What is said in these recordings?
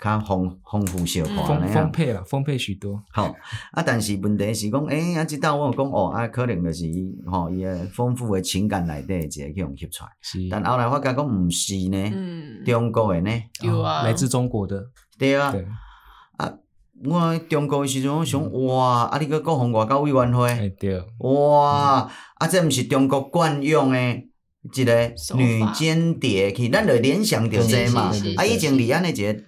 較豐豐富小可咧豐豐沛啊，豐沛許多。好啊，但是問題是講，哎、欸，啊，即到我講哦，啊，可能就是伊吼，伊個豐富嘅情感內底，即個用翕出。是，但後來我發覺毋是呢，嗯、中國嘅呢，有啊、哦，來自中國的，對啊。對啊，我、啊、中國嘅時陣，我想、嗯、哇，啊，你個國防外交委員會、欸，對，哇，嗯、啊，這毋是中國慣用嘅一個女間諜，去，咱就聯想着這嘛，啊，以前李安嘅一。個。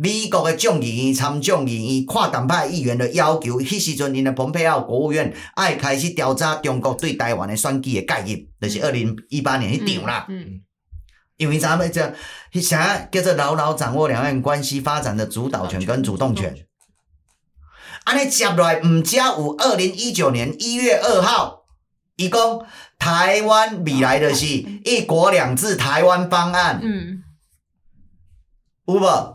美國嘅眾議院、參眾議院、跨黨派議員的要求，迄時陣，因的蓬佩奧國務院愛開始調查中國對台灣的選舉的概念，就是、2018那是二零一八年去講啦嗯嗯。嗯，因為咱們這隻，想叫做牢牢掌握兩岸關係發展的主導權跟主動權。安尼接來唔加有二零一九年一月二號，伊講台灣未來嘅是一國兩制台灣方案。嗯有無